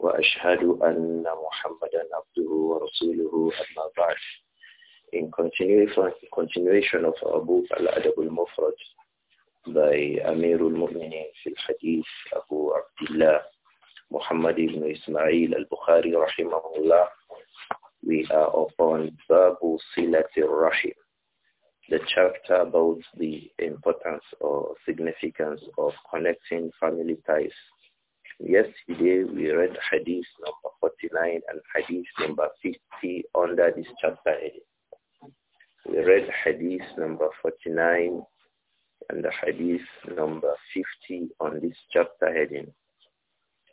وأشهد أن محمدا عبده ورسوله أما بعد In continuation of our book Al-Adab al-Mufrad by Amir al-Mu'minin في الحديث أبو عبد الله Muhammad ibn Ismail al-Bukhari rahimahullah we are upon Babu Silati Rahim the chapter about the importance or significance of connecting family ties Yesterday we read hadith number 49 and hadith number 50 under this chapter heading. We read hadith number 49 and the hadith number 50 on this chapter heading.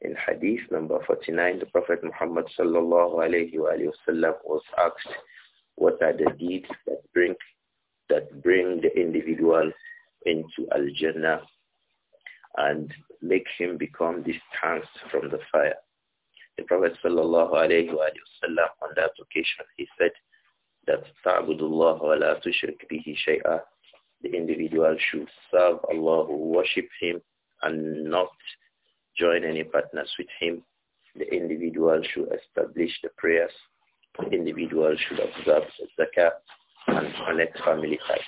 In hadith number 49, the Prophet Muhammad sallallahu alayhi wa sallam was asked, what are the deeds that bring, that bring the individual into Al-Jannah and make him become distanced from the fire. The Prophet sallallahu alayhi wa sallam on that occasion, he said that ta'budullah wa la tushrik bihi shay'a. The individual should serve Allah, worship him, and not join any partners with him. The individual should establish the prayers. The individual should observe the zakat and connect family ties.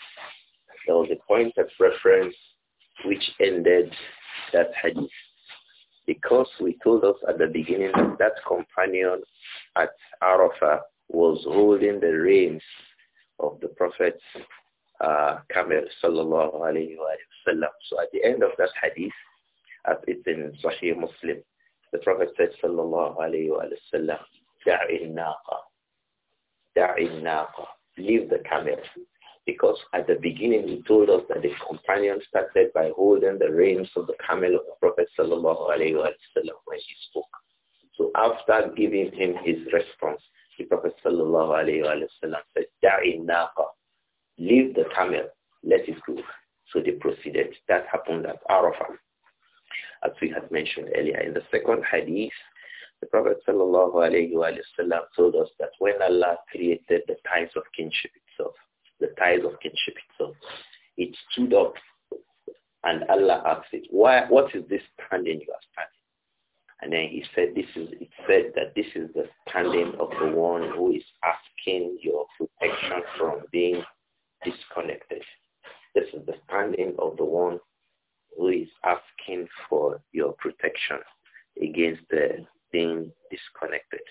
There was a point of reference which ended that hadith. Because we told us at the beginning that, that companion at Arafah was holding the reins of the Prophet's uh, sallallahu alayhi wa sallam. So at the end of that hadith, as it's in Sahih Muslim, the Prophet said, sallallahu alayhi wa sallam, da'i naqa, da'i naqa, leave the camel. Because at the beginning, he told us that the companion started by holding the reins of the camel of the Prophet sallallahu when he spoke. So after giving him his response, the Prophet sallallahu said, leave the camel, let it go." So they proceeded. That happened at Arafah, as we had mentioned earlier in the second hadith. The Prophet sallallahu told us that when Allah created the ties of kinship itself, the ties of kinship itself. It stood up and Allah asked it, Why, what is this standing you are standing? And then he said, this is, it said that this is the standing of the one who is asking your protection from being disconnected. This is the standing of the one who is asking for your protection against the being disconnected.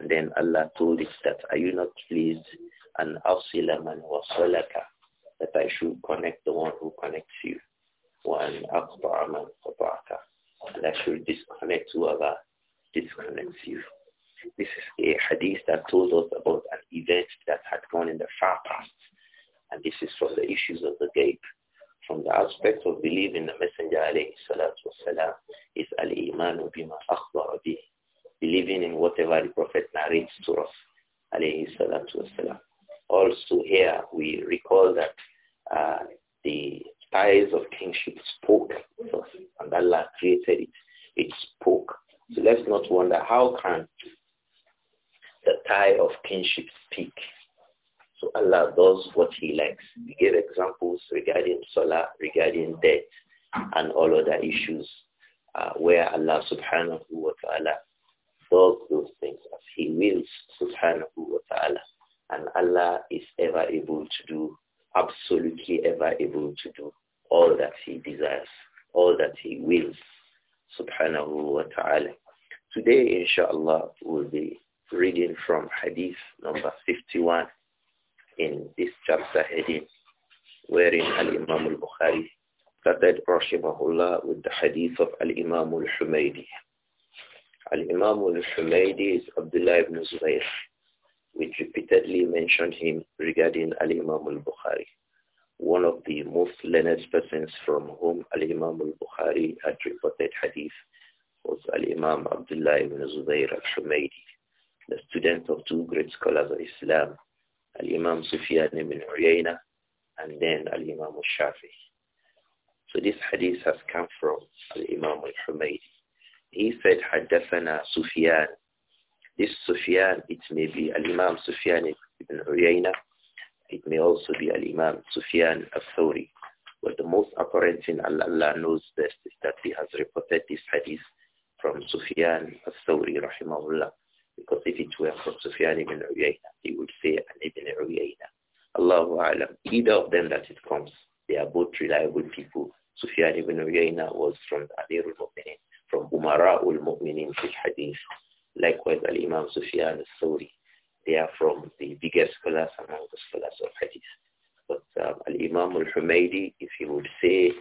And then Allah told it that, are you not pleased and أَصِلَ مَنْ وَصَلَكَ That I should connect the one who connects you. وَأَنْ أَقْطَعَ مَنْ قَطَعَكَ That I should disconnect whoever disconnects you. This is a hadith that told us about an event that had gone in the far past. And this is from the issues of the gate. From the aspect of believing in the Messenger alayhi salatu wasalam is al-iman bima akhbara bih. Believing in whatever the Prophet narrates to us alayhi salatu wasalam. Also here we recall that uh, the ties of kingship spoke first, and Allah created it. It spoke. So let's not wonder how can the tie of kinship speak. So Allah does what he likes. He gave examples regarding salah, regarding death, and all other issues uh, where Allah subhanahu wa ta'ala does those things as he wills subhanahu wa ta'ala. And Allah is ever able to do, absolutely ever able to do all that he desires, all that he wills, subhanahu wa ta'ala. Today, inshallah, we'll be reading from hadith number 51 in this chapter heading, wherein Al-Imam al-Bukhari started, rahimahullah, with the hadith of Al-Imam al-Humaydi. Al-Imam al-Humaydi is Abdullah ibn Zubayr we repeatedly mentioned him regarding Al-Imam al-Bukhari, one of the most learned persons from whom Al-Imam al-Bukhari had reported hadith was Al-Imam Abdullah ibn Zubayr al-Humaydi, the student of two great scholars of Islam, Al-Imam Sufyan ibn Uyayna and then Al-Imam al-Shafi. So this hadith has come from Al-Imam al-Humaydi. He said, حدثنا سفيان is Sufyan, it may be Al-Imam Sufyan ibn Uyayna, it may also be Al-Imam Sufyan al-Thawri. But the most apparent thing Allah knows best is that he has reported this hadith from Sufyan al-Thawri rahimahullah. Because if it were from Sufyan ibn Uyayna, he would say ibn Uyayna. Allahu alam. Either of them that it comes, they are both reliable people. Sufyan ibn Uyayna was from Amir al-Mu'minin, from Umara al-Mu'minin fil hadith. Likewise, Al-Imam Sufyan al-Thawri, they are from the biggest scholars among the scholars of Hadith. But um, Al-Imam al-Humaydi, if you would say,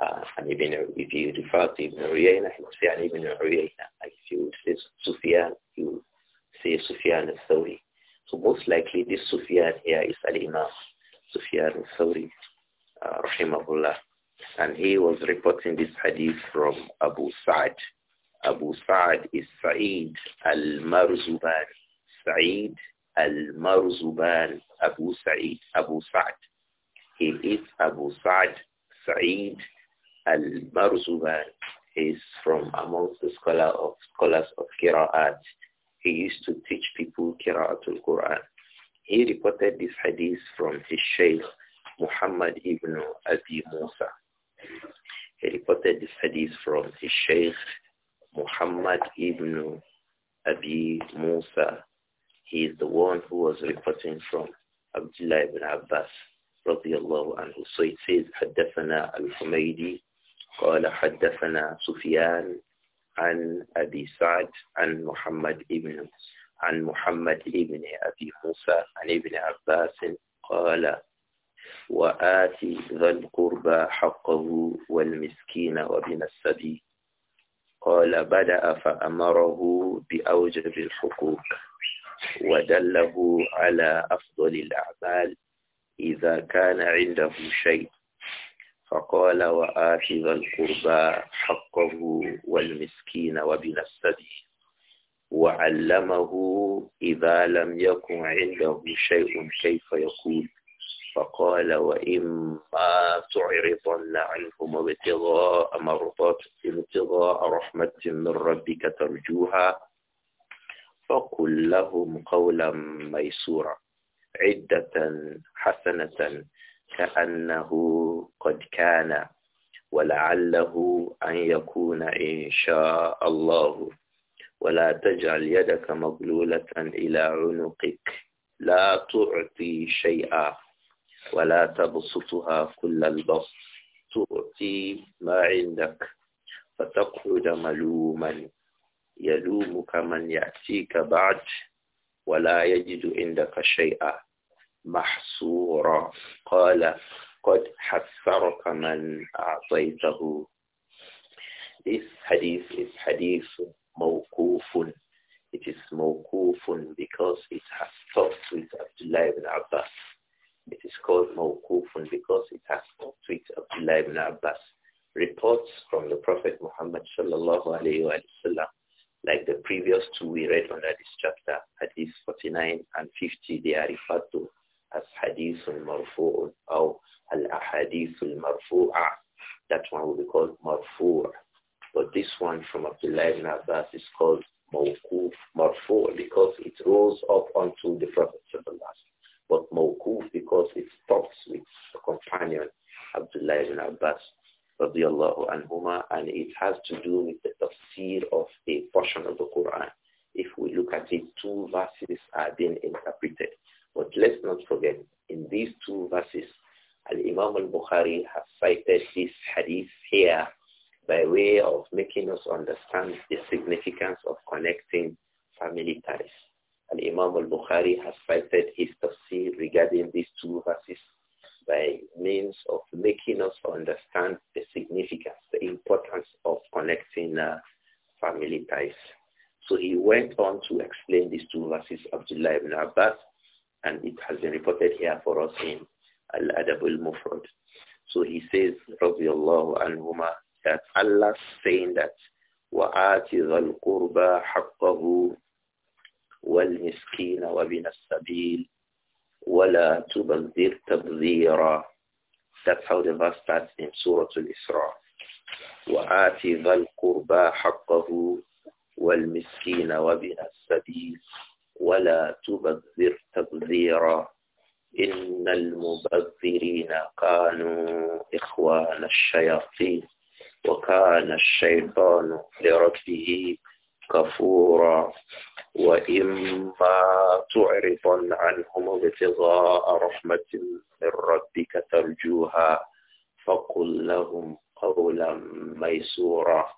uh, and Ibn, if you refer to Ibn Uyayna, he would say an Ibn Uyayna. If you would say Sufyan, he would say Sufyan al-Thawri. So most likely this Sufyan here is Al-Imam Sufyan al-Thawri, uh, rahimahullah. And he was reporting this hadith from Abu Sa'd, Abu Sa'd is Sa'id al marzuban Sa'id al-Marzuban, Abu Sa'id, Abu Sa'd. He is Abu Sa'd, Sa'id al-Marzuban. He is from amongst the scholar of, scholars of Qira'at. He used to teach people Qira'atul Quran. He reported this hadith from his sheikh, Muhammad ibn Abi Musa. He reported this hadith from his sheikh, Muhammad ibn Abi Musa. He is the one who was reporting from Abdullah ibn Abbas radiallahu anhu. So it says, حدثنا الحميدي قال حدثنا سفيان عن أبي سعد عن محمد ابن عن محمد ابن أبي موسى عن ابن عباس قال وآتي ذا القربى حقه والمسكين وابن السبيل قال بدأ فأمره بأوجب الحقوق ودله على أفضل الأعمال إذا كان عنده شيء فقال وآخذ القربى حقه والمسكين وبنفسه السبيل وعلمه إذا لم يكن عنده شيء كيف يقول فقال وإما تعرضن عنهم ابتغاء مرضات ابتغاء رحمة من ربك ترجوها فقل لهم قولا ميسورا عدة حسنة كأنه قد كان ولعله أن يكون إن شاء الله ولا تجعل يدك مغلولة إلى عنقك لا تعطي شيئا ولا تبسطها كل البسط تؤتي ما عندك فتقعد ملوما يلومك من يأتيك بعد ولا يجد عندك شيئا محصورا قال قد حسرك من أعطيته This hadith is hadith موقوف It is موقوف because it has stopped with Abdullah ibn Abbas It is called mawqufun because it has tweet Abdullah ibn Abbas. Reports from the Prophet Muhammad sallallahu alayhi wa sallam, like the previous two we read under this chapter, hadith 49 and 50, they are referred to as hadithun marfu'un or al-ahadithul marfu'a. That one will be called marfu'. But this one from Abdullah ibn Abbas is called mawquf marfu' because it rolls up onto the Prophet sallallahu alayhi wa sallam but mawkuf because it stops with the companion Abdullah ibn Abbas radiallahu anhuma and it has to do with the tafsir of a portion of the Quran. If we look at it, two verses are being interpreted. But let's not forget, in these two verses, Al-Imam al-Bukhari has cited this hadith here by way of making us understand the significance of connecting family ties. Al-Imam al-Bukhari has cited his tafsir regarding these two verses by means of making us understand the significance, the importance of connecting uh, family ties. So he went on to explain these two verses, of Abdullah ibn Abbas, and it has been reported here for us in Al-Adab al-Mufrad. So he says, Radiallahu anhuma, that Allah saying that, وَآتِ ذَا الْقُرْبَى حَقَّهُ والمسكين وابن السبيل ولا تبذر تبذيرا That's how the verse starts in Surah Al-Isra. وآت ذا القربى حقه والمسكين وابن السبيل ولا تبذر تبذيرا إن المبذرين كانوا إخوان الشياطين وكان الشيطان لربه كفورا وإما تعرض عنهم ابتغاء رحمة من ربك ترجوها فقل لهم قولا ميسورا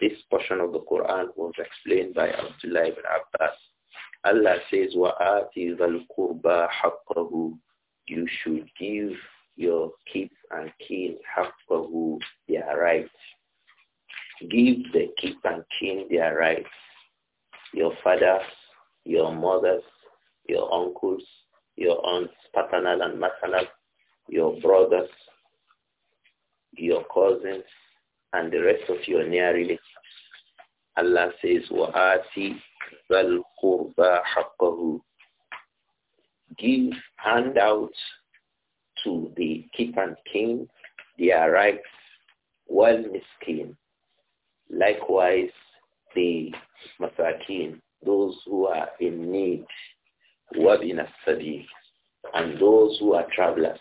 This portion of the Quran was explained by Abdullah ibn Abbas. Allah says, وَآتِ ذَا الْقُرْبَى حَقَّهُ You should give your keep and kin حَقَّهُ their rights. Give the keep and kin their rights. your fathers, your mothers, your uncles, your aunts, paternal and maternal, your brothers, your cousins, and the rest of your near relatives. Allah says, وَآتِ ذَا حَقَّهُ Give handouts to the king and king their rights while miskin. Likewise, the masakin, those who are in need, in a study, and those who are travelers,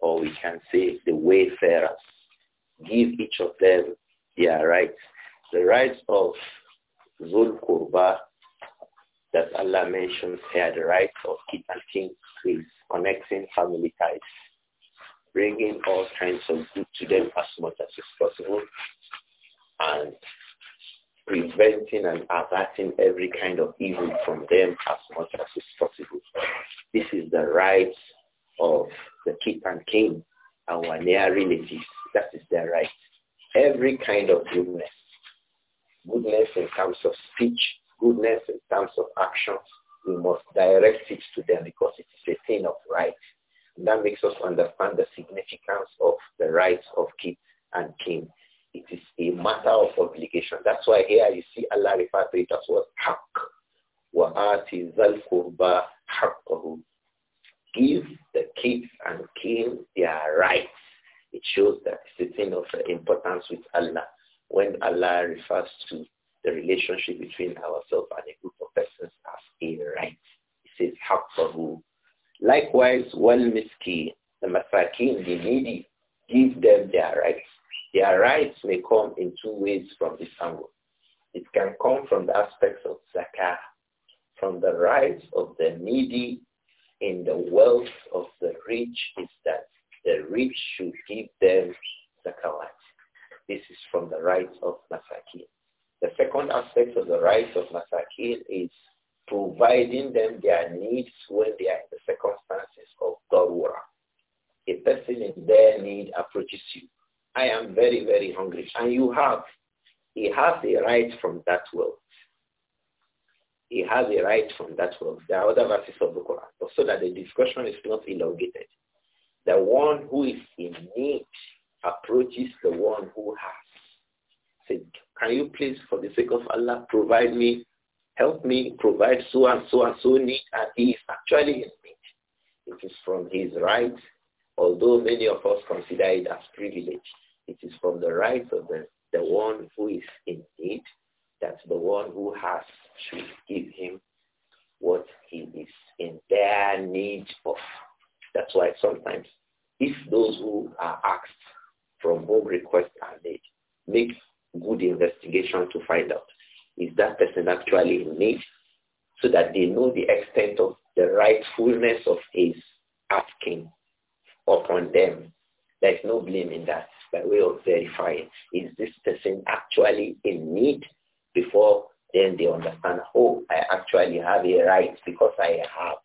or we can say the wayfarers. Give each of them their rights. The rights of Zul Qurba that Allah mentions here, the rights of keeping and king is connecting family ties, bringing all kinds of good to them as much as is possible, and preventing and averting every kind of evil from them as much as is possible. This is the right of the king and king, our near relatives. That is their right. Every kind of goodness, goodness in terms of speech, goodness in terms of actions, we must direct it to them because it is a thing of right. And that makes us understand the significance of the rights of king and king. It is a matter of obligation. That's why here you see Allah refers to it as what? Haqq. وَآتِ ذَا الْقُرْبَى Give the kids and king their rights. It shows that it's a thing of importance with Allah. When Allah refers to the relationship between ourselves and a group of persons as a right, it says حَقَّهُ Likewise, Wal Miski the masakin, the needy, give them their rights. Their rights may come in two ways from this angle. It can come from the aspects of zakah, from the rights of the needy in the wealth of the rich is that the rich should give them zakah. This is from the rights of masakin. The second aspect of the rights of masakin is providing them their needs when they are in the circumstances of darura. A person in their need approaches you I am very, very hungry. And you have. He has a right from that wealth. He has a right from that wealth. There are other verses of the Quran. So that the discussion is not elongated. The one who is in need approaches the one who has. Say, can you please, for the sake of Allah, provide me, help me, provide so and so and so need, and he is actually in need. It is from his right, although many of us consider it as privilege. It is from the right of the, the one who is in need that the one who has should give him what he is in their need of. That's why sometimes if those who are asked from whom requests are made make good investigation to find out is that person actually in need so that they know the extent of the rightfulness of his asking upon them. There is no blame in that by way of verifying, is this person actually in need before then they understand, oh, I actually have a right because I have.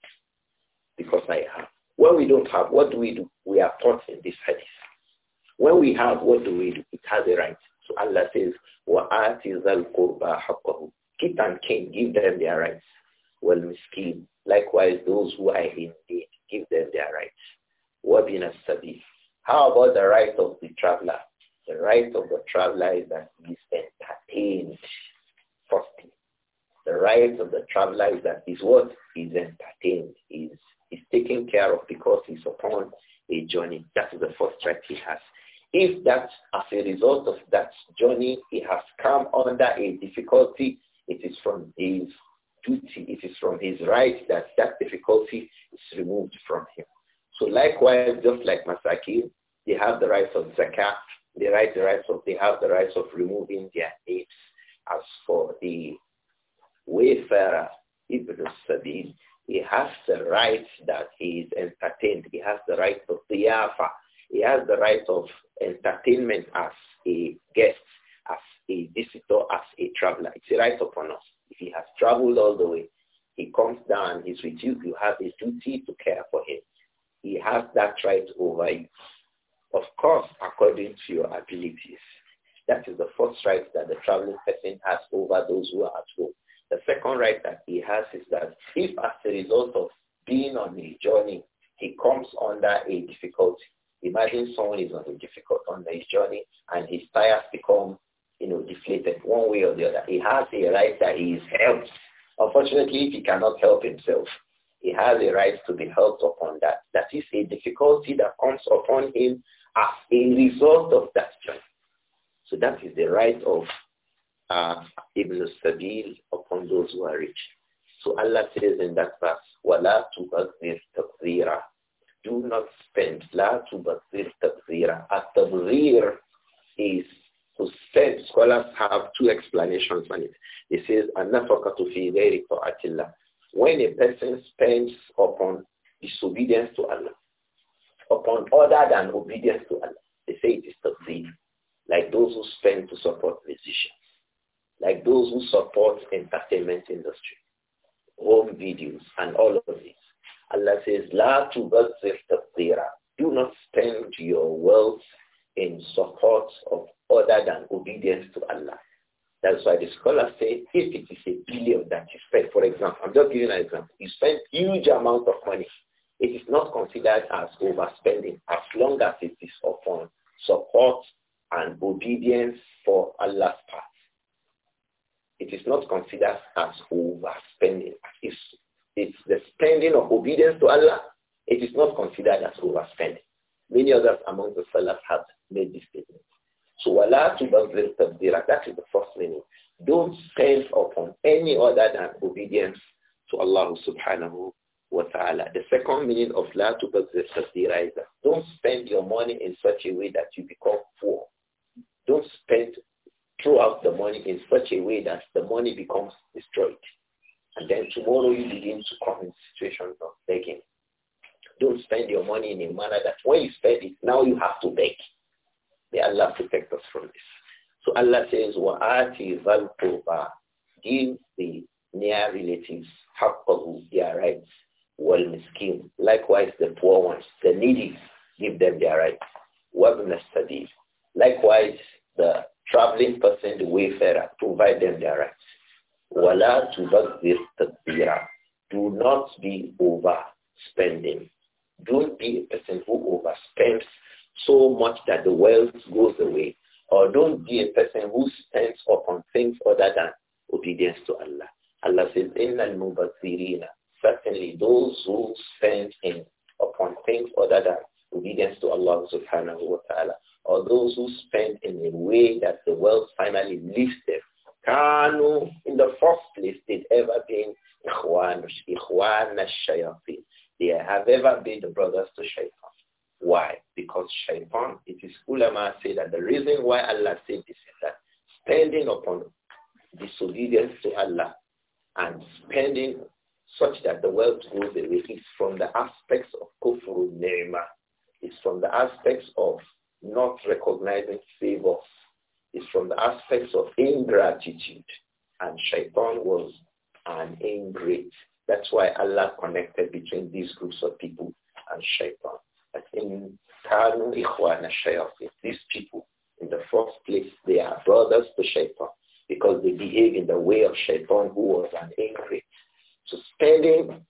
Because I have. When we don't have, what do we do? We are taught in this hadith. When we have, what do we do? It has a right. So Allah says, وَآتِ ذَا حَقَّهُ Kit and can give them their rights. Well, miskin, likewise those who are in need, give them their rights. وَبِنَ السَّبِيلِ how about the right of the traveler? The right of the traveler is that he is entertained firstly. The right of the traveler is that his what is entertained, is is taken care of because he's upon a journey. That is the first right he has. If that, as a result of that journey, he has come under a difficulty, it is from his duty, it is from his right that that difficulty is removed from him. So likewise, just like Masaki, they have the rights of zakat, they, right, the rights of, they have the rights of removing their apes. As for the wayfarer, Ibn Sabil, he has the right that he is entertained. He has the right of diyafa. He has the right of entertainment as a guest, as a visitor, as a traveler. It's a right upon us. If he has traveled all the way, he comes down, he's with you, you have a duty to care for him has that right over you. Of course, according to your abilities. That is the first right that the traveling person has over those who are at home. The second right that he has is that if as a result of being on a journey, he comes under a difficulty. Imagine someone is on a difficult on his journey and his tires become, you know, deflated one way or the other. He has a right that he is helped. Unfortunately, if he cannot help himself, he has a right to be helped difficulty that comes upon him as a result of that journey. So that is the right of uh, Ibn Sabil upon those who are rich. So Allah says in that verse, وَلَا تُبَذِّرْ تَبْذِيرًا Do not spend. La تبذر تُبَذِّرْ A At-tabzir is to spend. Scholars have two explanations on it. It says, أَنَّفَقَةُ فِي غَيْرِ طَاعَةِ اللَّهِ When a person spends upon disobedience to Allah, other than obedience to Allah. They say it is tafsir. Like those who spend to support musicians. Like those who support entertainment industry. Home videos and all of this. Allah says, La tubazzir tafsira. Do not spend your wealth in support of other than obedience to Allah. That's why the scholars say if it is a billion that you spend, for example, I'm just giving an example, you spend huge amount of money, it is not considered as considered as overspending. It's, it's the spending of obedience to Allah. It is not considered as overspending. Many others among the sellers have made this statement. So wala tubazir tabdira, that is the first meaning. Don't spend upon any other than obedience to Allah subhanahu wa ta'ala. The second meaning of la tubazir tabdira is that don't spend your money in such a way that you become poor. Don't spend throw out the money in such a way that the money becomes destroyed. And then tomorrow you begin to come in situations of begging. Don't spend your money in a manner that when you spend it, now you have to beg. May Allah protect us from this. So Allah says, وَآتِ ذَلْقُرْبَى Give the near relatives حَقَّهُ their rights miskin, Likewise the poor ones, the needy, give them their rights. وَابْنَ السَّبِيلِ Likewise the traveling person, the wayfarer, provide them their rights. Wala to tadbira. Do not be overspending. Don't be a person who overspends so much that the wealth goes away. Or don't be a person who spends upon things other than obedience to Allah. Allah says, Inna al Certainly those who spend in, upon things other than obedience to Allah subhanahu wa ta'ala or those who spend in a way that the wealth finally leaves them. Kanu, in the first place, they've ever been Ikhwan, Ikhwan They have ever been the brothers to Shaitan. Why? Because Shaitan, it is ulama say that the reason why Allah said this is that spending upon disobedience to Allah and spending such that the wealth goes away is from the aspects of kufru ni'mah. It's from the aspects of not recognizing favors is from the aspects of ingratitude. And shaitan was an ingrate. That's why Allah connected between these groups of people and shaitan. But in Kanu Ikhwana these people, in the first place, they are brothers to shaitan because they behave in the way of shaitan who was an ingrate. So spending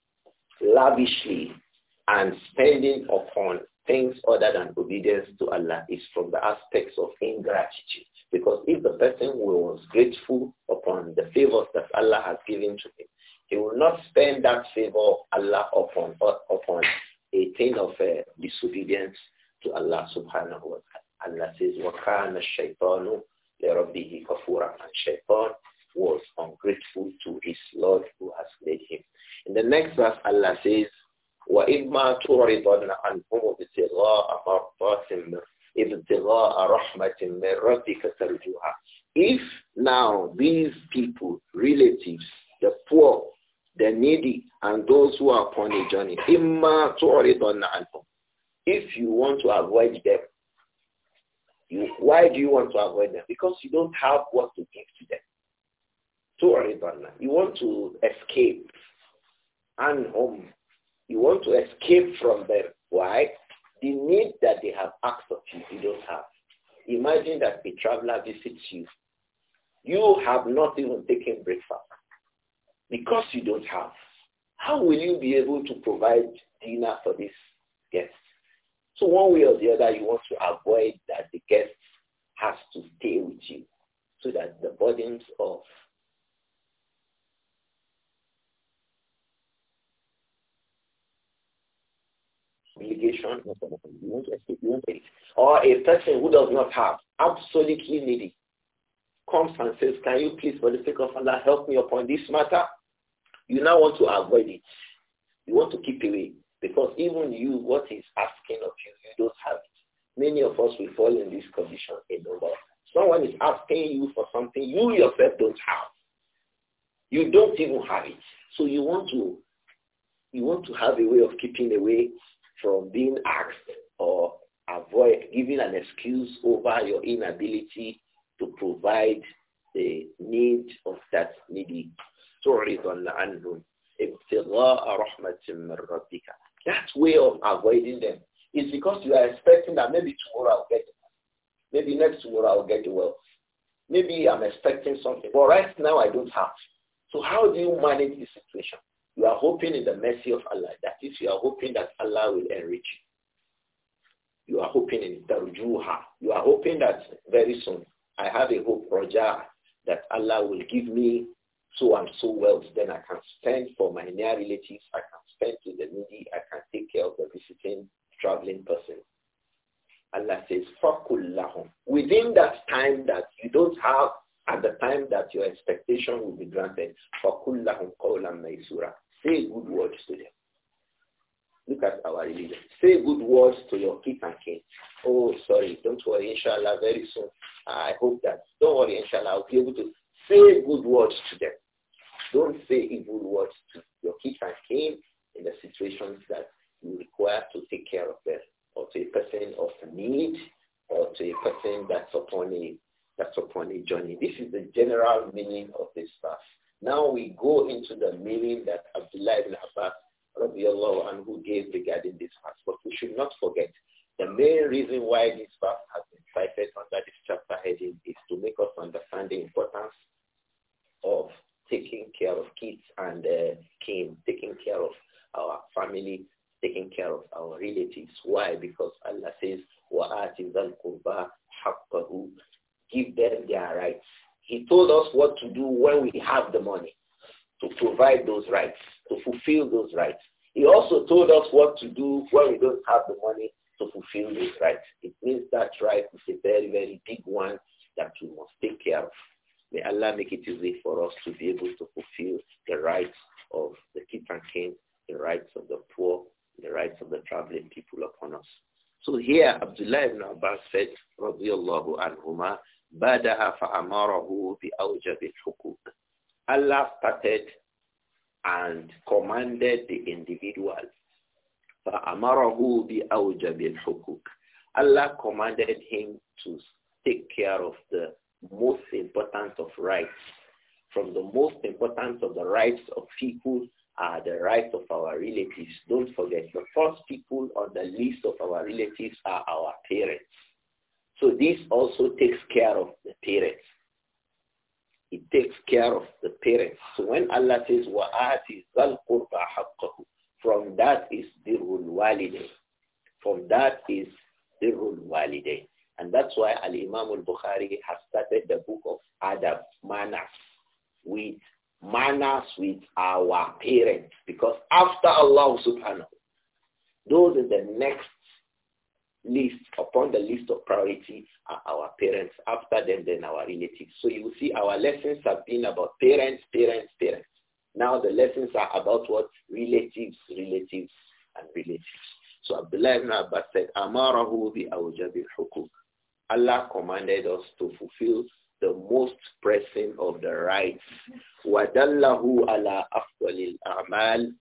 lavishly and spending upon things other than obedience to Allah is from the aspects of ingratitude. Because if the person was grateful upon the favors that Allah has given to him, he will not spend that favor of Allah upon, upon a thing of uh, disobedience to Allah subhanahu wa ta'ala. Allah says, وَكَانَ الشَّيْطَانُ لِرَبِّهِ كَفُورًا And shaitan was ungrateful to his Lord who has made him. In the next verse, Allah says, وإما تعرضن عنهم ابتغاء مرضات ابتغاء رحمة من ربك ترجوها If now these people, relatives, the poor, the needy, and those who are upon a journey, إما تعرضن عنهم If you want to avoid them, you, why do you want to avoid them? Because you don't have what to give to them. تعرضن You want to escape عنهم you want to escape from them. Why? The need that they have asked of you, you don't have. Imagine that a traveler visits you. You have not even taken breakfast because you don't have. How will you be able to provide dinner for this guest? So one way or the other, you want to avoid that the guest has to stay with you so that the burdens of obligation, you won't escape, you won't pay Or a person who does not have, absolutely needy, comes and says, can you please, for the sake of Allah, help me upon this matter? You now want to avoid it. You want to keep away. Because even you, what is asking of you, you don't have it. Many of us will fall in this condition Someone is asking you for something you yourself don't have. You don't even have it. So you want to you want to have a way of keeping away from being asked or avoid giving an excuse over your inability to provide the need of that needy. That way of avoiding them is because you are expecting that maybe tomorrow I'll get it. Maybe next tomorrow I'll get the wealth. Maybe I'm expecting something. But right now I don't have. So how do you manage the situation? You are hoping in the mercy of Allah. That is, you are hoping that Allah will enrich you. You are hoping in Tarujuha. You are hoping that very soon, I have a hope, Raja, that Allah will give me so and so wealth. Then I can spend for my near relatives. I can spend to the needy. I can take care of the visiting, traveling person. Allah says, فَقُلْ Within that time that you don't have at the time that your expectation will be granted, فَقُلْ لَهُمْ قَوْلًا مَيْسُورًا Say good words to them. Look at our religion. Say good words to your kids and king. Oh, sorry, don't worry, inshallah, very soon. I hope that. Don't worry, inshallah, I'll be able to say good words to them. Don't say evil words to your kids and king in the situations that you require to take care of them or to a person of need or to a person that's upon a, that's upon a journey. This is the general meaning of this verse. Now we go into the meaning that Abdullah ibn Abbas and who gave regarding this verse. But we should not forget the main reason why this verse has been cited under this chapter heading is to make us understand the importance of taking care of kids and uh, kin, taking care of our family, taking care of our relatives. Why? Because Allah says, Al-Kubba الْقُرْبَى who Give them their rights. He told us what to do when we have the money to provide those rights, to fulfill those rights. He also told us what to do when we don't have the money to fulfill those rights. It means that right is a very, very big one that we must take care of. May Allah make it easy for us to be able to fulfill the rights of the kitankin, the rights of the poor, the rights of the traveling people upon us. So here, Abdullah ibn Abbas said, رضي الله عنهما, فَأَمَرَهُ بِأَوْجَبِ الْحُقُوقِ Allah started and commanded the individual. فَأَمَرَهُ بِأَوْجَبِ الْحُقُوقِ Allah commanded him to take care of the most important of rights. From the most important of the rights of people are the rights of our relatives. Don't forget, the first people on the list of our relatives are our parents. So this also takes care of the parents. It takes care of the parents. So when Allah says, وَآتِ ذَا الْقُرْبَ حَقَّهُ From that is rule valid. From that is rule valid. And that's why Al-Imam al-Bukhari has started the book of Adab, manners, with manners with our parents. Because after Allah subhanahu, those are the next list, upon the list of priority are our parents. After them, then our relatives. So you see our lessons have been about parents, parents, parents. Now the lessons are about what? Relatives, relatives, and relatives. So Abdullah ibn Abbas said, Amarahu bi awjabil hukuk. Allah commanded us to fulfill the most pressing of the rights. وَدَلَّهُ عَلَى أَفْضَلِ الْأَعْمَالِ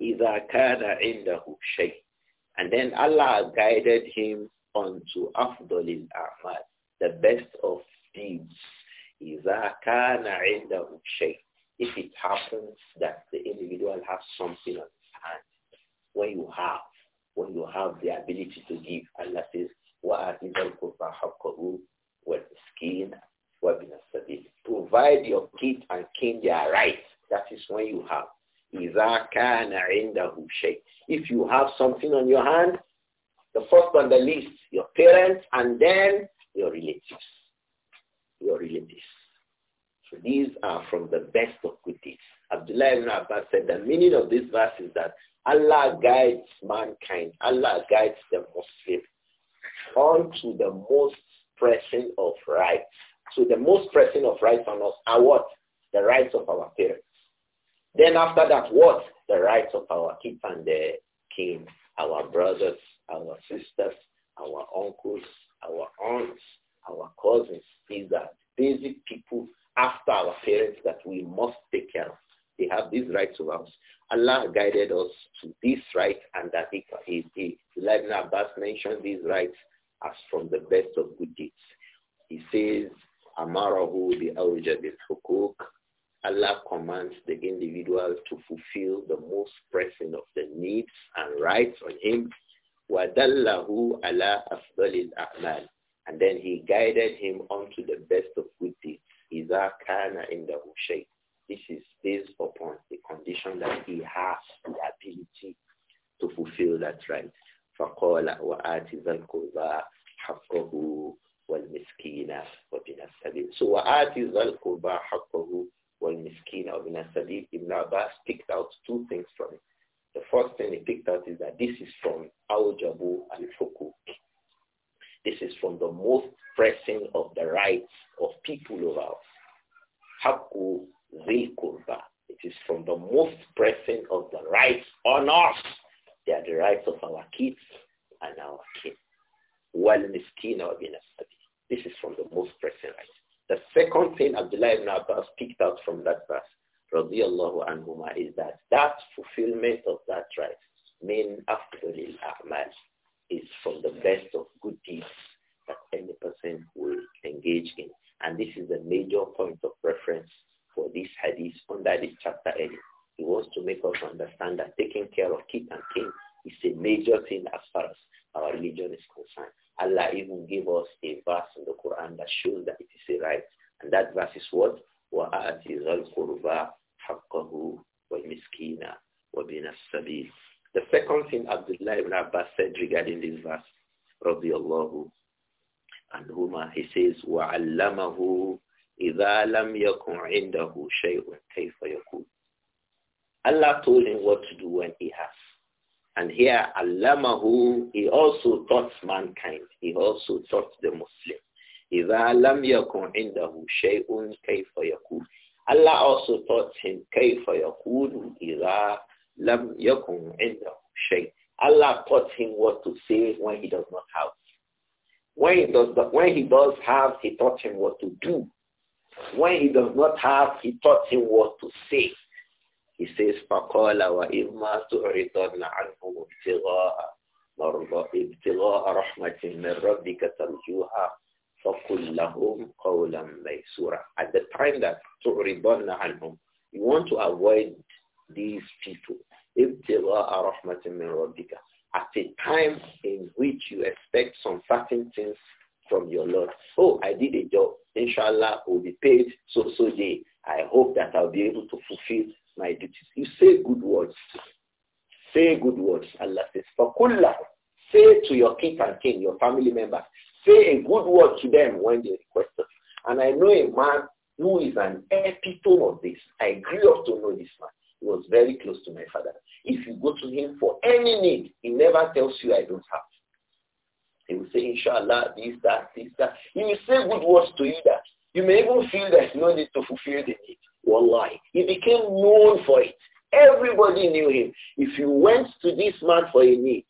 إِذَا كَانَ عِنْدَهُ شَيْءٍ and then Allah guided him unto afdalil a'mal, the best of deeds. إِذَا كَانَ عِنْدَهُ شَيْءٍ If it happens that the individual has something on his hand, when you have, when you have the ability to give, Allah says, وَآتِذَا الْقُرْبَ حَقَّهُ وَالْمِسْكِينَ وَبِنَ السَّبِيلِ Provide your kids and kin their rights. That is when you have. If you have something on your hand, the first on the list, your parents, and then your relatives. Your relatives. So these are from the best of good deeds. Abdullah ibn Abbas said the meaning of this verse is that Allah guides mankind. Allah guides the Muslim onto the most pressing of rights. So the most pressing of rights on us are what? The rights of our parents. Then after that, what? The rights of our kids and the kin, our brothers, our sisters, our uncles, our aunts, our cousins. These are basic people after our parents that we must take care of. They have these rights of us. Allah guided us to this right and that he, he, he Ibn Abbas mentioned these rights as from the best of good deeds. He says, أمره بأوجب hukuk." Allah commands the individual to fulfill the most pressing of the needs and rights on him. وَدَلَّهُ عَلَىٰ أَفْضَلِ الْأَعْمَالِ And then he guided him onto the best of good deeds. إِذَا كَانَ إِنْدَهُ شَيْءٍ This is based upon the condition that he has the ability to fulfill that right. فَقَالَ وَآتِ ذَا الْقُرْبَى حَقَّهُ والمسكين وابن السبيل سواء ذا القربى حقه now in Asadid Ibn Abbas picked out two things from it. The first thing he picked out is that this is from Jabu al-Hukuk. This is from the most pressing of the rights of people of us. Hakku Zilkurba. It is from the most pressing of the rights on us. They are the rights of our kids and our kin. This is from the most pressing rights. The second thing Abdullah ibn Abbas picked out from that verse radiallahu anhuma is that that fulfillment of that right min afdalil a'mal is from the best of good deeds that any person will engage in. And this is the major point of reference for this hadith under this chapter 8. He wants to make us understand that taking care of kit and kin is a major thing as far as our religion is concerned. Allah even gave us a verse in the Quran that shows that it is a right. And that verse is what? وَآتِ ذَا الْقُرْبَى حقه ومسكينا وبين السبيل. The second thing Abdullah ibn Abbas said regarding this verse, رضي الله عنهما, he says, وعلمه إذا لم يكن عنده شيء كيف يكون. Allah told him what to do when he has. And here, Allamahu, he also taught mankind. He also taught the Muslim. إذا لم يكن عنده شيء كيف يكون. Allah also taught him كيف يقول إذا لم يكن عنده شيء. Allah taught him what to say when he does not have. When he does not, when he does have, he taught him what to do. When he does not have, he taught him what to say. He says, فَقَالَ وَإِمَّا تُعْرِضَنَّ عَنْهُمْ ابْتِغَاءَ ابْتِغَاءَ رَحْمَةٍ مِّن رَبِّكَ تَرْجُوهَا at the time that تُعْرِضَنَّ عَنْهُمْ You want to avoid these people. At a time in which you expect some certain things from your Lord. Oh, I did a job. Inshallah, will be paid so so day. I hope that I'll be able to fulfill my duties. You say good words. Say good words. Allah says, Say to your king and king, your family members, Say a good word to them when they request it. And I know a man who is an epitome of this. I grew up to know this man. He was very close to my father. If you go to him for any need, he never tells you I don't have. He will say, inshallah, this, that, this, that. He will say good words to you that you may even feel there's no need to fulfill the need. Wallahi. He became known for it. Everybody knew him. If you went to this man for a need,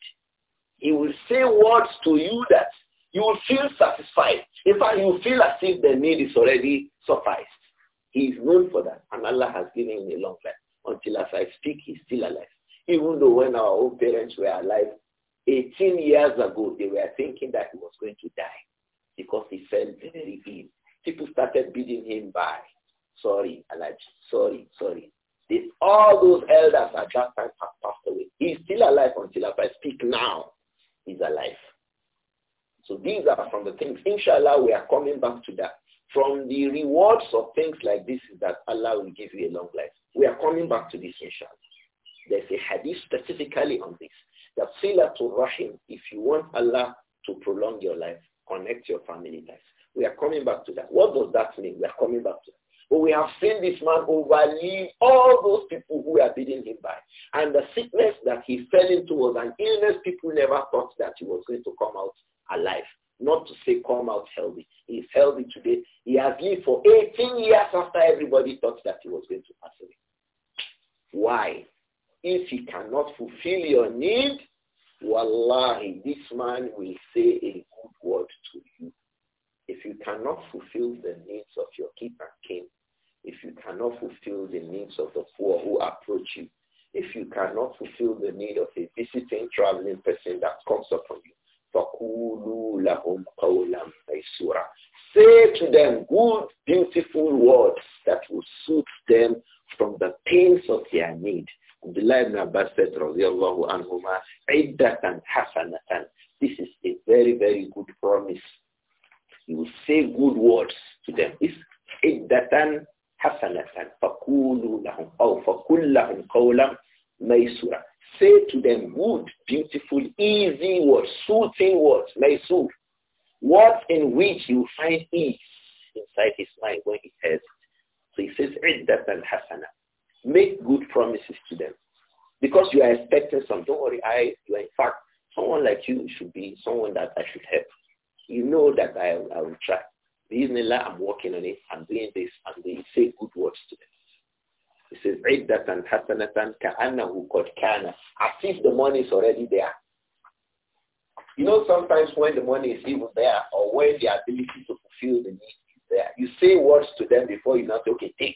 he will say words to you that you will feel satisfied. In fact, you will feel as if the need is already sufficed. He is known for that, and Allah has given him a long life. Until as I speak, he's still alive. Even though when our own parents were alive, 18 years ago, they were thinking that he was going to die because he fell very ill. People started bidding him by. Sorry, Allah. Sorry, sorry. This, all those elders at that time have passed away. He's still alive until as I speak now, he's alive. So these are from the things. Inshallah, we are coming back to that. From the rewards of things like this is that Allah will give you a long life. We are coming back to this, inshallah. There's a hadith specifically on this. That to rahim, if you want Allah to prolong your life, connect your family life. We are coming back to that. What does that mean? We are coming back to that. But we have seen this man overlive all those people who were beating him by. And the sickness that he fell into was an illness people never thought that he was going to come out come out healthy. He's healthy today. He has lived for 18 years after everybody thought that he was going to pass away. Why? If he cannot fulfill your need, wallahi, this man will say a good word to you. If you cannot fulfill the needs of your keeper and king, if you cannot fulfill the needs of the poor who approach you, if you cannot fulfill the need of a visiting traveling person that comes upon you, فَقُولُوا لَهُمْ قَوْلًا مَيْسُورًا Say to them good, beautiful words that will suit them from the pains of their need. Abdullah ibn Abbas said, radiallahu anhuma, iddatan hasanatan. This is a very, very good promise. You will say good words to them. It's iddatan hasanatan. فَقُولُوا لَهُمْ أو فَقُلْ لَهُمْ قَوْلًا مَيْسُورًا Say to them good, beautiful, easy words, soothing words, maysur. Words in which you find ease inside his mind when he says, it. So he says, iddat al-hasana. Make good promises to them. Because you are expecting some. Don't worry, I, you are in fact, someone like you should be someone that I should help. You know that I, I will try. Bismillah, I'm working on it. I'm doing this. and they say good words to them. He says, عِدَّةً حَسَنَةً كَأَنَّهُ qad kana," As if the money is already there. You know, sometimes when the money is even there or when the ability to fulfill the need is there, you say words to them before you not say, okay, take.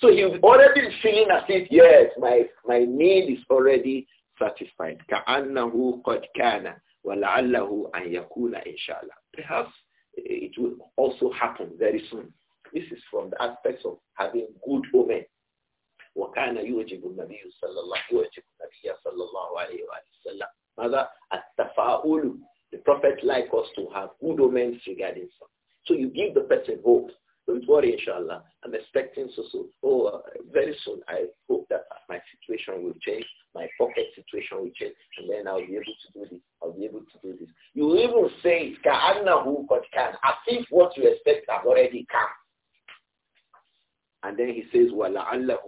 So you've already been feeling as if, yes, my, my need is already satisfied. كَأَنَّهُ قَدْ كَانَ وَلَعَلَّهُ an يَكُونَ inshallah. Perhaps it will also happen very soon. This is from the aspects of having good omen. وكان يوجب النبي صلى الله يوجب النبي صلى الله عليه وسلم ماذا التفاؤل the prophet like us to have good omens regarding some so you give the person hope don't worry inshallah I'm expecting so so oh uh, very soon I hope that my situation will change my pocket situation will change and then I'll be able to do this I'll be able to do this you even say it كأنه قد كان as if what you expect has already come and then he says, وَلَعَلَّهُ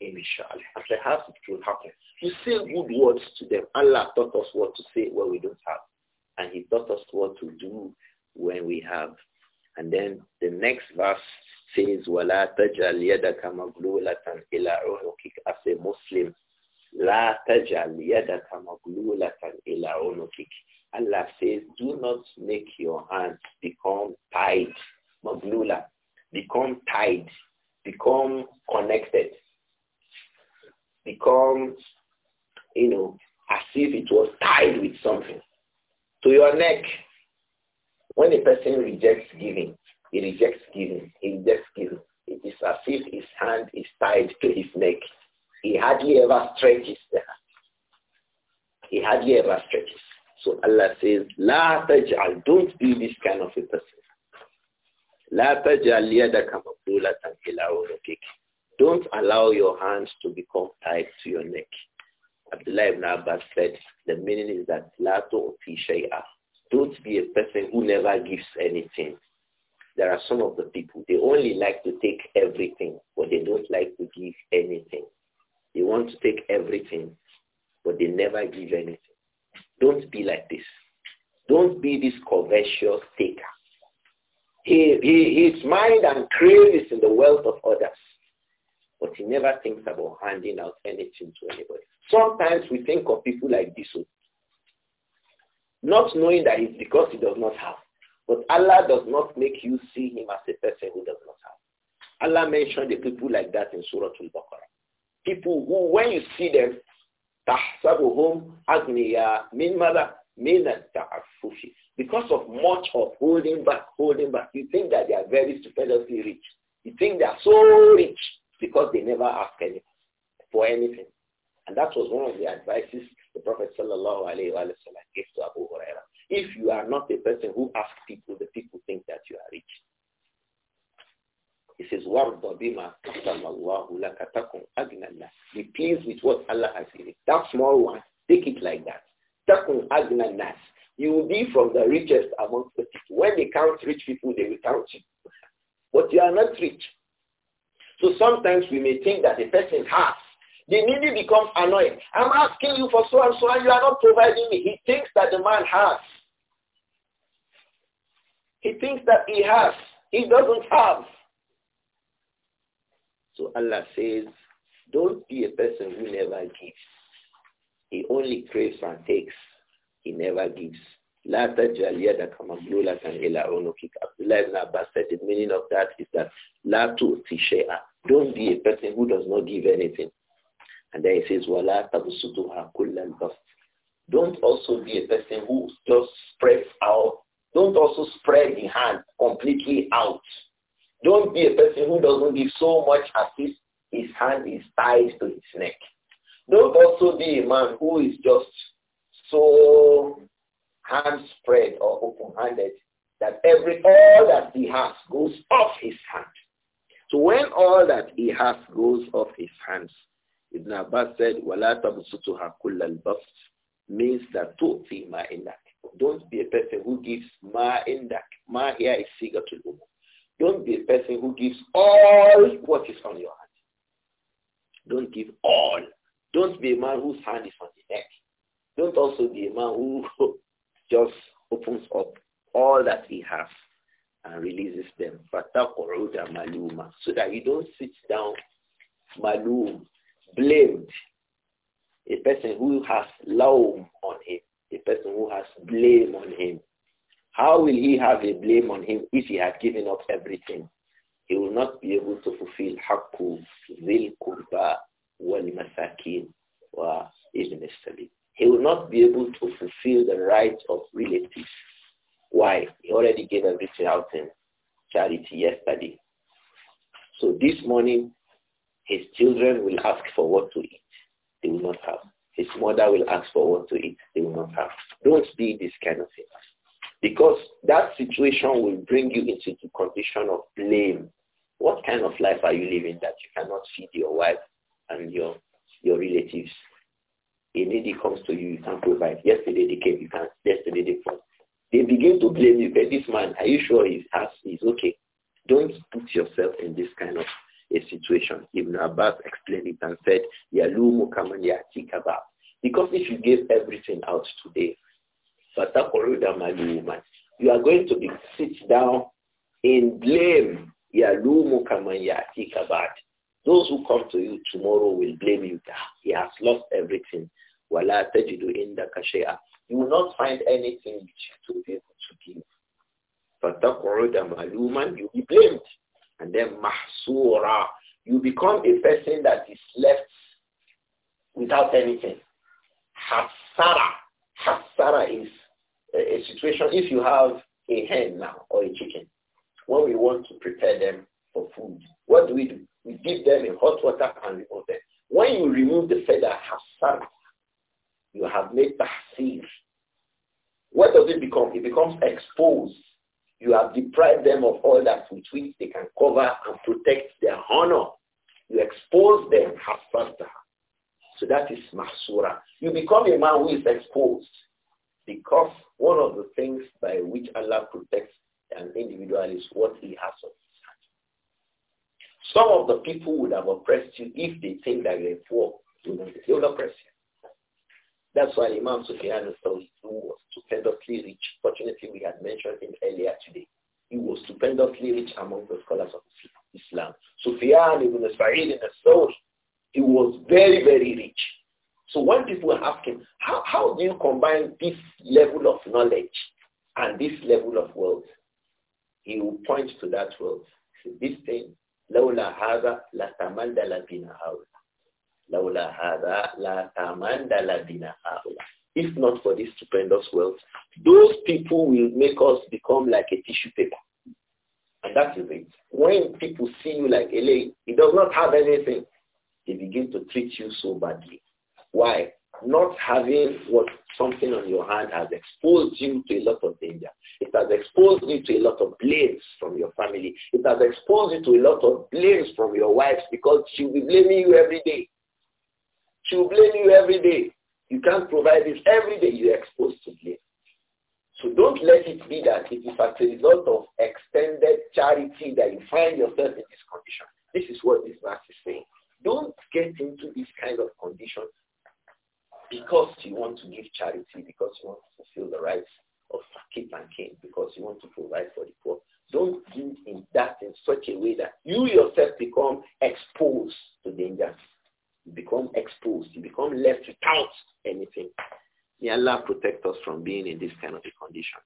inshallah. And perhaps it will happen. You say good words to them. Allah taught us what to say when we don't have. And he taught us what to do when we have. And then the next verse says, وَلَا تَجْعَلْ يَدَكَ مَغْلُولَةً إِلَىٰ عُنُقِكَ As a Muslim, لَا تَجْعَلْ يَدَكَ مَغْلُولَةً إِلَىٰ عُنُقِكَ Allah says, do not make your hands become tied, maglula, become tied become connected, become, you know, as if it was tied with something. To your neck, when a person rejects giving, he rejects giving, he rejects giving. It is as if his hand is tied to his neck. He hardly ever stretches the hand. He hardly ever stretches. So Allah says, La taj'al, don't be this kind of a person. Don't allow your hands to become tied to your neck. Abdullah ibn Abbas said, the meaning is that Lato توتي شيئا. Don't be a person who never gives anything. There are some of the people, they only like to take everything, but they don't like to give anything. They want to take everything, but they never give anything. Don't be like this. Don't be this covetous taker he, his mind and crave is in the wealth of others. But he never thinks about handing out anything to anybody. Sometimes we think of people like this, not knowing that it's because he does not have. But Allah does not make you see him as a person who does not have. Allah mentioned the people like that in Surah Al-Baqarah. People who, when you see them, تَحْسَبُهُمْ أَغْنِيَا مِنْ mother min Because of much of holding back, holding back, you think that they are very stupendously rich. You think they are so rich because they never ask anything, for anything. And that was one of the advices the Prophet sallallahu alayhi gave to Abu Huraira. If you are not a person who asks people, the people think that you are rich. He says, وَرْضَ بِمَا قَسَمَ اللَّهُ لَكَ Be pleased with what Allah has given. That small one, take it like that takun agna You will be from the richest among the people. When they count rich people, they will count you. But you are not rich. So sometimes we may think that the person has. they needy become annoyed. I'm asking you for so and so and you are not providing me. He thinks that the man has. He thinks that he has. He doesn't have. So Allah says, don't be a person who never gives. He only craves and takes. He never gives. La tajal yadaka mamlulatan ila unukik. Abdullah ibn Abbas said the meaning of that is that la tu'ti Don't be a person who does not give anything. And then he says, wala tabsutuha kullal bast. Don't also be a person who just spreads out. Don't also spread the hand completely out. Don't be a person who doesn't give so much as if his hand is tied to his neck. Don't also be a man who is just so hands spread or open-handed that every all that he has goes off his hand. So when all that he has goes off his hands, Ibn Abbas said, وَلَا تَبْسُطُهَا كُلَّ means that إِنَّكَ Don't be a person who gives ma indak. Ma here is sigatul umum. Don't be a person who gives all what is on your hand. Don't give all don't be a man whose hand is on the neck. Don't also be a man who just opens up all that he has and releases them. maluma, So that you don't sit down malum, blamed. A person who has laum on him, a person who has blame on him. How will he have a blame on him if he had given up everything? He will not be able to fulfill hakku zil kurba والمساكين وابن السبيل. He will not be able to fulfill the rights of relatives. Why? He already gave everything out in charity yesterday. So this morning, his children will ask for what to eat. They will not have. His mother will ask for what to eat. They will not have. Don't be this kind of thing. Because that situation will bring you into the condition of blame. What kind of life are you living that you cannot feed your wife? and your your relatives. A lady comes to you, you can provide. Yesterday they came, you can. Yesterday they come. They begin to blame you. But this man, are you sure he's, he's okay? Don't put yourself in this kind of a situation. Ibn Abbas explained it and said, Yalumu kaman yatikaba. Because if you give everything out today, you are going to be sit down in blame. Yalumu kaman yatikabad. Those who come to you tomorrow will blame you. Ah, he has lost everything. You will not find anything to be able to give. But maluman, you'll be blamed. And then mahsura, you become a person that is left without anything. Hassara. Hassara is a situation if you have a hen now or a chicken. When we want to prepare them for food, what do we do? We give them a hot water and remove them. When you remove the feather, hassan, you have made tahsir. What does it become? It becomes exposed. You have deprived them of all that with which they can cover and protect their honor. You expose them hasanta. So that is masura. You become a man who is exposed because one of the things by which Allah protects an individual is what he has of some of the people would have oppressed you if they think that you're poor. They will oppress you. That's why Imam Sufyan al-Thawri was stupendously rich. Fortunately, we had mentioned him earlier today. He was stupendously rich among the scholars of Islam. Sufyan ibn Sa'id al-Thawri, he was very, very rich. So when people ask him, how, how do you combine this level of knowledge and this level of wealth? He will point to that wealth. This thing لولا هذا لتملل بنا هؤلاء لولا هذا لتملل بنا هؤلاء If not for this stupendous wealth, those people will make us become like a tissue paper. And that is it. When people see you like Ele, it does not have anything, they begin to treat you so badly. Why? not having what something on your hand has exposed you to a lot of danger. It has exposed you to a lot of blames from your family. It has exposed you to a lot of blames from your wife because she'll be blaming you every day. She'll blame you every day. You can't provide this every day. You're exposed to blame. So don't let it be that it is as a result of extended charity that you find yourself in this from being in this kind of a condition.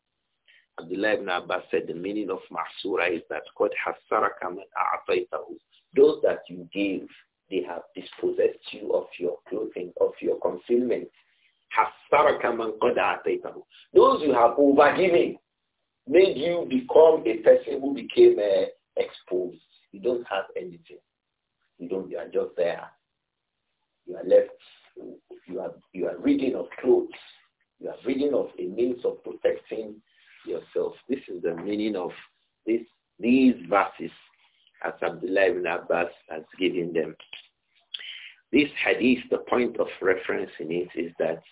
Abdullah ibn Abbas said the meaning of masura is that God has sarakam and Those that you gave, they have dispossessed you of your clothing, of your concealment. Those you have overgiven made you become a person who became a of reference in it is that